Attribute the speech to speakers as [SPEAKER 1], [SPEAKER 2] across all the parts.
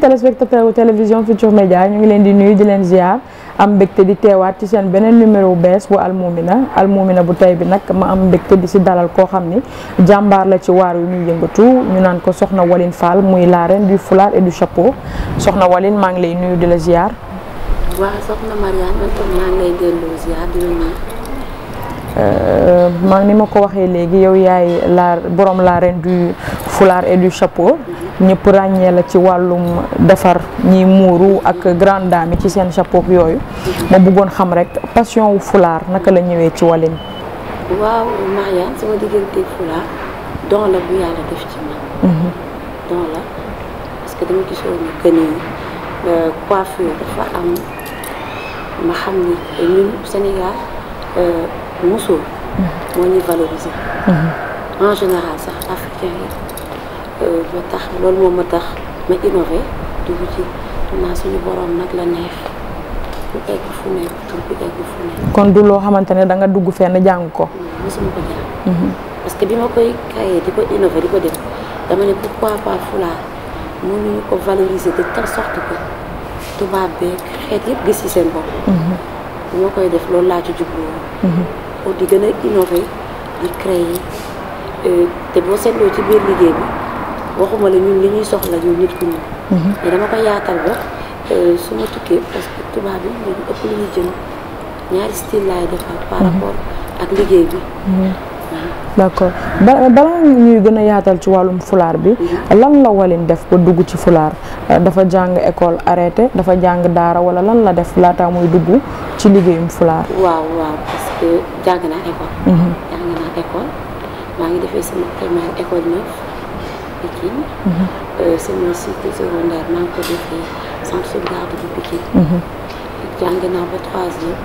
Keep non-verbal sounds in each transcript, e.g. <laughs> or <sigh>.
[SPEAKER 1] téléspectateur u télévision Futurs Médias ñu ngi leen di nuyu di leen ziar am mbégte di teewaat ci seen beneen numéro bees bu almumina almumina bu tey bi nag ma am mbégte di si dalal koo xam ni jàmbaar la ci waar yu muy yëngatu ñu naan ko soxna Waline Fall muy la reine du foulard et du chapeau soxna Waline maa ngi lay nuyu di la ziar.
[SPEAKER 2] maa ngi lay delloo ziar di nuyu.
[SPEAKER 1] Euh, maa ni ma ko waxee léegi yow yaay la borom laareen reine du foulard et du chapeau ñëpp ràññee la ci wàllum defar ñi muuru ak grande dame yi ci seen chapeau yooyu ma bëggoon xam rek passion wu fulaar naka la ñëwee ci walin
[SPEAKER 2] waaw Mariane sama diggante fulaar don la bu yàlla def ci man mhm. don la parce dama gisoon ni que euh, coiffure dafa am ma xam ni ñun Sénégal euh, musul mhm. moo ñuy valoriser mhm. en général sax africain Euh, tax loolu moom ma tax ma innové ci naa
[SPEAKER 1] kon du loo xamante ne da nga dugg fenn jàng ko. Mhm.
[SPEAKER 2] parce que bi ma koy créé di di ko def dama ne pourquoi pas Foulard mënuñu ko valoriser de telle sorte que tubaab beeg xeet yépp gis ci seen bopp. Mhm. bi ma koy def loolu laa ci jublu mhm. pour di gën a innové di créer euh, te boo seetloo ci biir liggéey bi. waxuma la ñun li ñuy soxla ñun nit ku ñun mhm. mais dama ko yaatal ba euh, su ma tukkee parce que tubaab yi dañu ëpp lu mhm.
[SPEAKER 1] mhm. ñuy gën a yaatal ci wàllum fulaar bi lan la walin def ba dugg ci fulaar euh, dafa jàng école arrêté dafa jàng daara wala lan la def laata muy dugg ci liggéeyum fulaar
[SPEAKER 2] waaw waaw parce que jàng naa école maa ngi defee sama primaire école neuf Pikine. sama mhm. euh, cycle secondaire maa ngi ko defee centre sauvegarde bu Pikine. Mhm. jàng naa ba troisième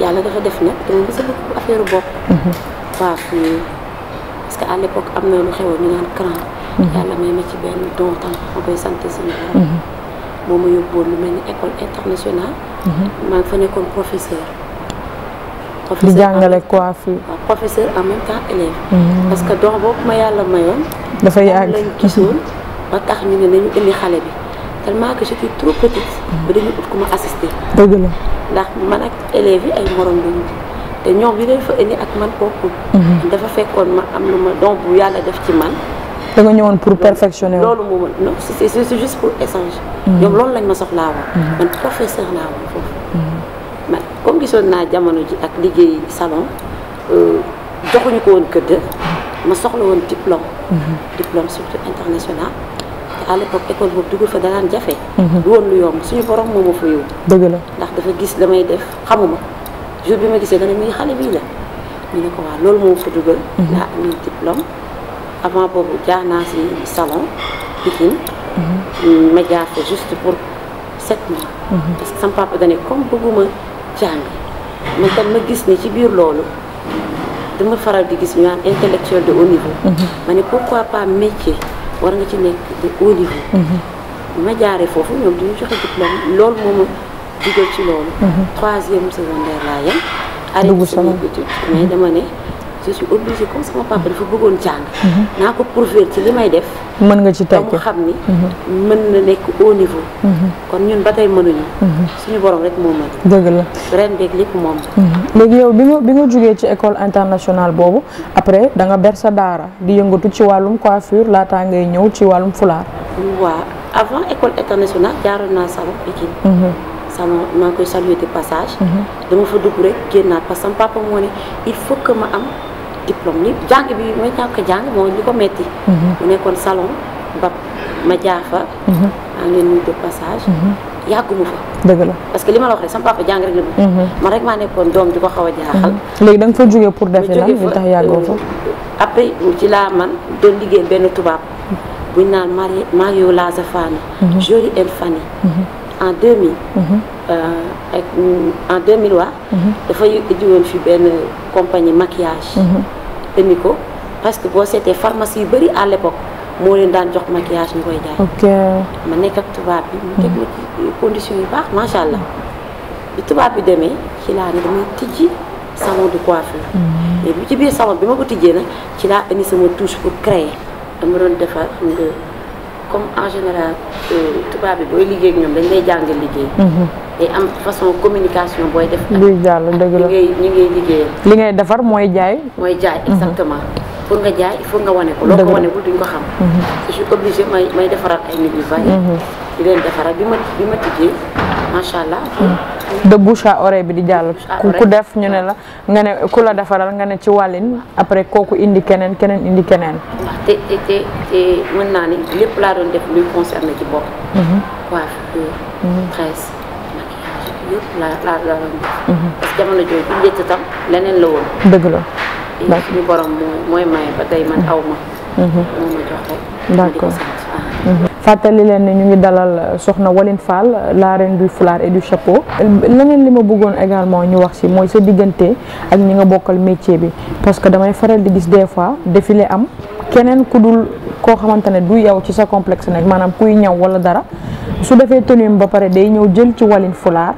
[SPEAKER 2] yàlla dafa def nag dama gis nga affaire bopp. Mhm. parce que à l'époque am na lu xewoon ñu naan cran. yàlla may ma ci benn don ma koy sant suñu borom. moo ma yóbbuwoon lu mel ni école internationale. maa ngi fa nekkoon professeur. di jàngale coiffure ah, professeur en même temps mm-hmm. parce que dox boobu ma yàlla mayoon
[SPEAKER 1] dafa yàgg lañ
[SPEAKER 3] gisoon
[SPEAKER 2] ba tax ñu ne nañu indi xale bi tellement que j'étais trop petite ba dañu ut ku ma assister dëgg la ndax man ak élèves yi ay morom lañu te ñoom li leen fa indi ak man bokkul mm-hmm. dafa fekkoon ma am lu ma don bu yàlla def ci man
[SPEAKER 1] danga ñëwoon pour perfectionner
[SPEAKER 2] loolu moom non c'est juste pour échanger mm-hmm. ñoom loolu lañ ma soxlaa woon man professeur laa woon foofu comme gisoon naa jamono ji ak liggéey salon euh, joxuñu ko woon këdd ma soxla woon diplôme mhm. diplôme surtout international à l'époque école boobu dugg fa danaan jafe mhm. du woon lu yomb suñu borom moo ma fa yóbbu dëgg ndax dafa gis damay def xamuma jour bi ma gisee dana muy xale bii la ñu ne ko waa loolu moo fa dugal ndaa mhm. amee diplôme avant boobu jaar naa si salon Pikine ma jaar fa juste pour sept mois parce que sama comme bëgguma jàng man tam ma gis ni ci biir loolu dama faral di gis ñu naan intellectuel de haut niveau. Mhm. ma ne pourquoi pas métier war nga ci nekk de haut niveau. Mhm. ma jaaree foofu ñoom duñu joxe diplôme loolu moo ma dugal ci loolu. Mhm. troisième secondaire laa yem. dugg sama arrêté mais dama ne. je suis obligée comme sama papa dafa bëggoon jàng. naa ko prouver ci li may def.
[SPEAKER 1] mën nga ci tàggat mu xam ni. Mhm.
[SPEAKER 2] mën na nekk au niveau. Mhm. kon ñun ba tey mënuñu. Mhm. suñu borom rek moo mën. dëgg la ren beeg moom.
[SPEAKER 1] léegi yow bi nga bi ci école internationale boobu après da nga ber sa daara di yëngatu ci wàllum coiffure laataa ngay ñëw ci wàllum fulaar.
[SPEAKER 2] waaw avant école internationale jaaroon naa sama Pikine. sama maa ngi koy saluer de passage. dama fa dugg rek génnaat parce que sama papa il faut que ma am. diplôme ñëpp jàng bi mooy ñàkk jàng moo li ko metti mhm. mu nekkoon salon ba ma jaafa mhm. maa ngi leen de passage mhm. yàgguma fa dëgg la parce que li ma la wax rek sama papa jàng rek la bëgg man maa nekkoon doom di ko xaw a jaaxal
[SPEAKER 1] léegi da nga fa jógee pour defi lan li tax yàggoo fa euh,
[SPEAKER 2] après laa man doon liggéey benn tubaab buñ naan Marie Mario Lazafani Jolie and Fanny en 2000 euh, ak en 2000 waa dafay jiwoon fi benn compagnie maquillage indi ko parce que boo seetee pharmacie yu bëri à l'époque moo leen daan jox maquillage ñu koy jaay. ma nekkat ak tubaab bi. mu teg ma condition yu baax macha allah bi tubaab bi demee ci laa ne damay tijji salon de coiffure. mais mm. bi ci biir salon bi ma ko tijjee nag ci laa indi sama touche pour créer dama doon defar xam comme en général euh, tubaab bi booy liggéey ñoom dañ lay jàngal liggéey. Mm-hmm. day am façon communication booy def. buy jàll dëgg la ngay
[SPEAKER 1] li ngay defar mooy jaay. mooy jaay mhm. exactement.
[SPEAKER 2] pour nga jaay il nga wane ko. loo ko wane wul duñ ko xam. Mhm. je suis obligé may may defaraat ay bi macha allah.
[SPEAKER 1] de bouche à oreille bi di jàll. ku def ñu ne la nga ne ku la defaral nga ne ci wàllin après kooku indi keneen keneen indi keneen.
[SPEAKER 2] te te mën naa ne lépp laa doon def luy ci bopp. Mhm. yëpp la mhm.
[SPEAKER 3] dëgg
[SPEAKER 1] la.
[SPEAKER 2] ndax suñu borom mooy mhm. mhm. mooy ah.
[SPEAKER 1] fàttali leen ne ñu ngi dalal euh, soxna Waline Fall la reine du foulard et du chapeau. leneen li ma bëggoon également ñu wax ci mooy sa diggante ak ñi nga bokkal métier bi parce que damay faral di gis des fois défilé am keneen ku dul koo xamante ne du yow ci sa complexe nag maanaam kuy ñaw walla dara su defee tenue ba pare day ñëw jël ci Waline foulard.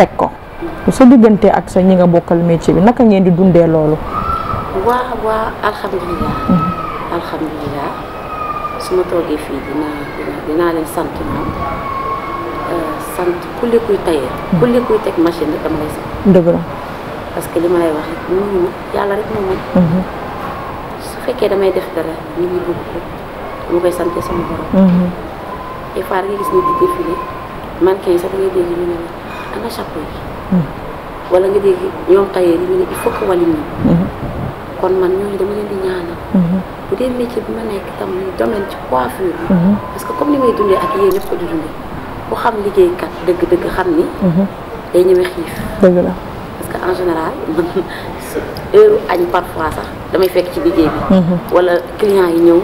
[SPEAKER 1] teg ko sa diggante ak sa ñi nga bokkal métier bi naka ngeen di dundee loolu
[SPEAKER 2] waa waa alhamdulilah mm-hmm. alhamdulilah su ma toogee fii dinaa leen sant moom euh, sant kulli kuy tayee mm-hmm. kulli kuy teg machine rek dama lay sant dëgg parce que li ma lay wax rek ñun yàlla rek moo mën mm-hmm. su fekkee damay def dara ñu ngi bëgg dama koy sante sama borom des fois nga gis ni di défilé mannequin sax da ngay dégg ñu ne la ana chapeau yi. Hmm. wala nga dégg ñoom tailleur yi ñu ne il faut que wàllu ñu. Hmm. kon man ñooñu dama leen di ñaanal. Hmm. bu dee métier bi ma nekk tam domaine ci coiffure parce que comme ni may dundee ak yéen ñëpp di dundee ku xam liggéeykat dëgg-dëgg xam ni. day ñëwee xiif. dëgg la parce que en général man <laughs> heure añ parfois sax damay fekk ci liggéey bi. wala client yi ñëw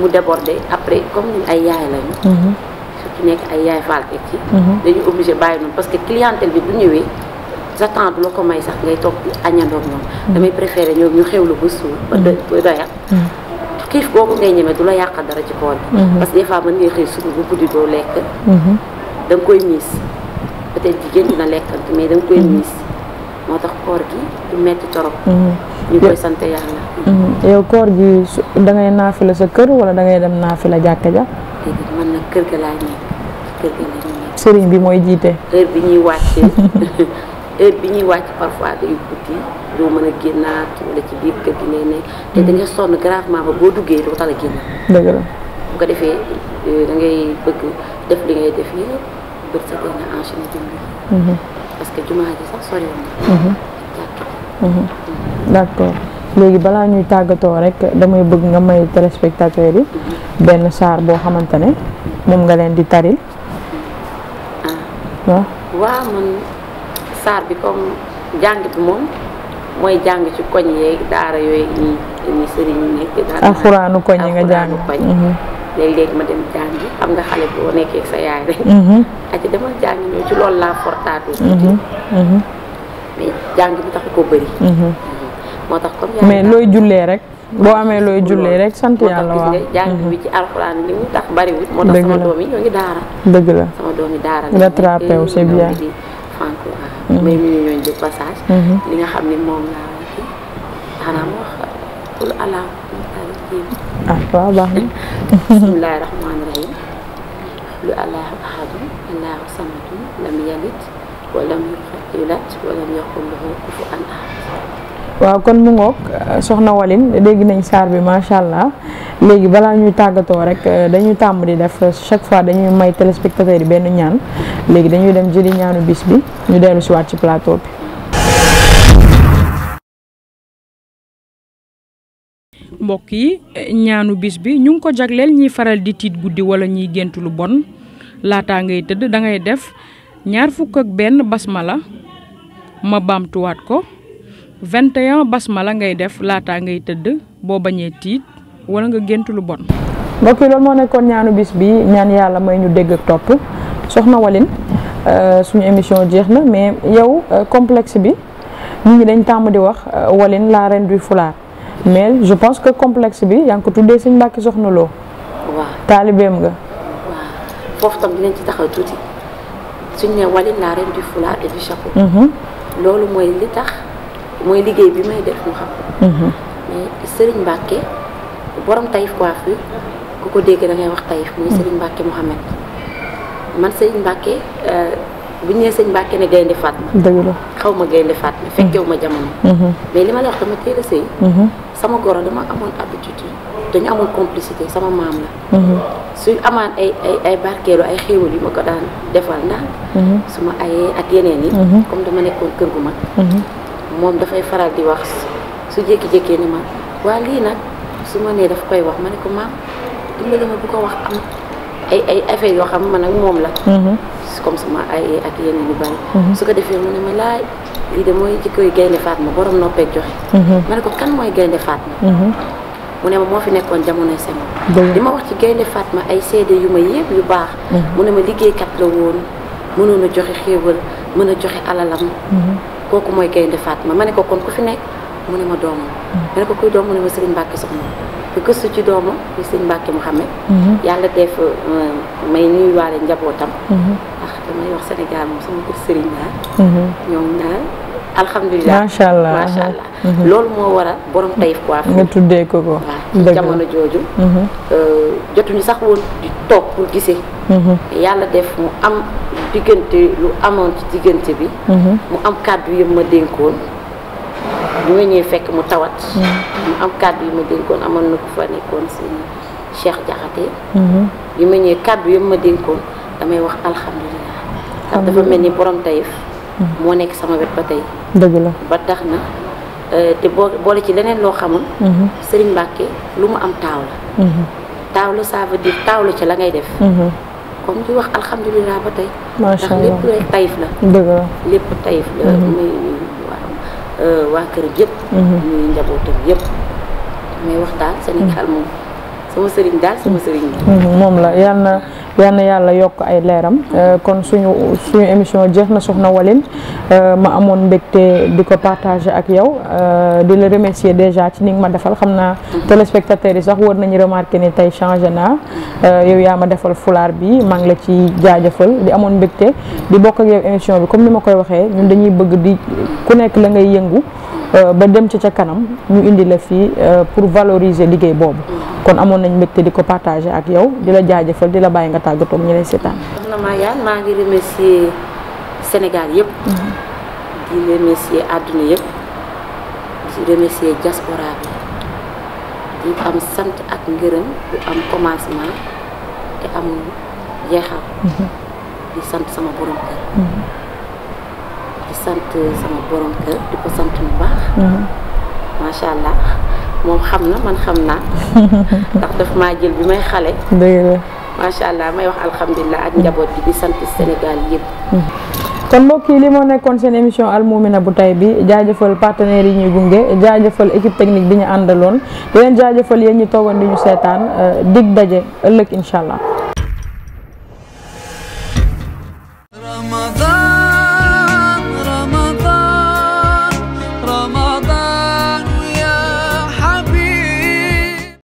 [SPEAKER 2] mu déborder après comme ñun ay yaay lañu. ci nekk ay yaay faal teg ci mhm. dañu obligé bàyyi noonu parce que clientèle bi bu ñëwee sa temps du la ko may sax ngay toog di añandoog ñoom mhm. damay préféré ñoom ñu xewlu ba suur ba doyal mhm. xiif boobu ngay ñemee du la yàqal dara ci koor bi parce que des fois mën ngay xëy suba bu guddi doo lekk da nga koy miis peut-être jigéen dina lekkante mais da koy miis moo tax koor gi du metti torop ñu koy sant yàlla
[SPEAKER 1] yow koor gi da ngay la sa kër wala da ngay dem naafila jàkka ja
[SPEAKER 2] déedéet man nag kër ga laa nekk kër
[SPEAKER 1] bi mooy jiite.
[SPEAKER 2] heure bi ñuy wàccee <laughs> heure bi ñuy wàcc parfois day guddi doo mën a génnaat wala ci biir kër gi ngay nekk. te da sonn gravement ba boo duggee doo tal a génn. dëgg la bu defee euh, da ngay bëgg def li ngay def yëpp bët sa gën mhm. parce que jumaa ji sax soriwoon
[SPEAKER 1] na. d' léegi balaa ñuy tàggatoo rek damay bëgg nga may téléspectateurs yi benn saar boo xamante ne moom nga leen di taril. Ah.
[SPEAKER 2] waaw waaw bi comme jàng bi mooy jàng ci koñ yeeg yooyu ñi yi
[SPEAKER 1] koñ yi nga jàng mhm.
[SPEAKER 2] léegi-léegi ma dem jàngi xam nga sa yaay rek. Mhm. aji dama mhm. bi taxu ko bëri. moo tax comme mais looy jullee rek boo amee
[SPEAKER 1] looy jullee rek sant yàlla waaw
[SPEAKER 2] jàng bi mm-hmm. ci alxuraan li mu tax bariwul moo tax sama doom yi dëgg la sama doom yi daara nga trappé wu c'est bien franc waaw mm-hmm. may nuyu ñooñu de passage mm-hmm. li nga xam ni moom laa ci xanaa ma wax pour alaam
[SPEAKER 1] ah baax
[SPEAKER 2] na lu allahu ahadun allahu samadun lam yalit wa lam yulat wa lam yakul lahu kufuwan
[SPEAKER 1] waaw kon mu ngoog soxna Waline dégg nañ saar bi macha allah léegi bala ñuy tàggatoo rek dañuy tàmm di def chaque fois dañuy may téléspectateurs yi benn ñaan léegi dañuy dem jëli ñaanu bis bi ñu dellu si waat ci plateau bi. mbokk yi ñaanu bis bi ñu ngi ko jagleel ñiy faral di tiit guddi wala ñiy gént lu bon laataa ngay tëdd da ngay def ñaar fukk ak benn basmala ma baamtuwaat ko. bas ma la ngay def laataa ngay tëdd boo bañee tiit wala nga gént lu bon. mbokk yi loolu moo nekkoon ñaanu bis bi ñaan yàlla may ñu dégg ak topp soxna Waline euh, suñu émission jeex na mais yow euh, complexe bi mu ngi dañ tàmm di wax euh, Waline la reine du foulard mais je pense que complexe bi yaa ko tuddee suñu mbàkki soxna loo. taalibeem nga. Mhm.
[SPEAKER 2] loolu mooy li tax. mooy liggéey bi may def mu xam. Mhm. mais Serigne Mbacke borom tayif coiffure ku ko dégg da ngay wax tayif muy mhm. Serigne Mbacke Mouhamed man Serigne Mbacke euh, bu ñu nee Serigne Mbacke ne gaynde Fatma. dëgg xaw ma gaynde Fatma mhm. fekkewu ma jamono. mais li ma la wax dama teel sëy sama goro dama amoon habitude dañu amoon complicité sama maam la. suy amaan ay ay ay barkeelu ay xéewal yu ma ko daan defal ndax. su ma ayee ak yeneen yi. comme dama nekkoon kër gu mag. moom dafay faral di wax su jékki-jékkee ni ma waa lii nag su ma nee daf koy wax ma ne ko maam dimbali ma bu ko wax am ay ay affaire yoo xam man ak moom la. Mhm. comme sama ay ak yeneen mhm. su ko defee mu lii de mooy jikkoy gaynde Fatma borom noppeeg joxe. Mhm. ma ne ko kan mooy gaynde Fatma.
[SPEAKER 3] mu
[SPEAKER 2] ne ma moo fi nekkoon jamonoy Senghor. li ma wax ci gaynde ma ay seede yu ma yëpp yu baax. mu ne ma liggéeykat la woon mënoon a joxe xéewal mën a joxe alalam. kooku mooy gaynde Fatma ma ne ko kon ku fi nekk mu ne ma doomam ma ne ko kuy doom mu ne ma Serigne Mbacke soxna bi gëstu ci doomam di Serigne Mbacke Mouhamed mhm. yàlla def euh, may nuyuwaale njabootam mhm. ndax damay wax Sénégal moom sama kër Serigne la mhm. ñoom naa alhamdulilah macha allah allah loolu moo waral borom tayif quoi nga
[SPEAKER 3] tuddee ko ko jamono
[SPEAKER 2] jooju euh, jotuñu sax woon di toog pour gisee yàlla def mu am diggante lu amoon ci diggante bi mhm. mu am kàddu yëpp ma dénkoon bu ñëwee fekk mu tawat mhm. mu am kàddu yi ma dénkoon amoon na ku fa nekkoon si Cheikh Diakhaté yi mhm. ma ñëwee kàddu yëpp ma dénkoon damay wax alhamdulilah ndax dafa mel ni borom tayif moo nekk sama wet ba tey dëgg la ba tax na euh, te boo boole ci leneen loo xamul Serigne Mbacke lu mu am taaw la taaw la ça veut dire taaw la ci la ngay def comme di wax alhamdulilah ba tey. macha allah lépp tayif la. lépp tayif la. Mhm. muy waa euh, waa kër yëpp. Mhm. muy njabootam yëpp. may wax daal Sénégal mhm. moom sama sëriñ daal sama sëriñ
[SPEAKER 1] moom la yàlla na yal na yàlla yokk ay leeram euh, kon suñu suñu émission jeex na soxna Waly euh, ma amoon mbégte di ko partager ak yow euh, di la remercier déjà ci ni nga ma defal xam naa téléspectateurs yi sax war nañu remarqué ni tey changé naa yow yaa ma defal fulaar bi maa ngi la ci jaajëfal di amoon mbégte di bokk ak émission bi comme ni ma koy waxee ñun dañuy bëgg di ku nekk la ngay yëngu Euh, ba dem ci ca kanam ñu indi la fii euh, pour valoriser liggéey boobu kon amoon nañ mbégte di ko partager ak yow di la jaajëfal di la bàyyi nga tàggatoog ñu lay seetaan.
[SPEAKER 2] soxna maa ngi remercier Sénégal yëpp. di remercier àdduna yëpp di remercier diaspora bi di am sant ak ngërëm bu am commencement te am jeexal. Mm-hmm. di sant sama borom kër. Mm-hmm. sant sama borom kër di ko sant bu baax. Mhm. macha allah moom xam na man xam naa. <laughs> ndax daf maa jël bi may xale. dëgg allah may wax alhamdulilah ak njaboot bi di sant Sénégal yëpp.
[SPEAKER 1] Mhm. kon mbokk yi li moo nekkoon seen émission almoumina bu tay bi jaajëfal partenaires yi ñuy gunge jaajëfal équipe technique bi ñu àndaloon di leen jaajëfal yéen ñi toogoon di ñu seetaan euh, dig daje ëllëg incha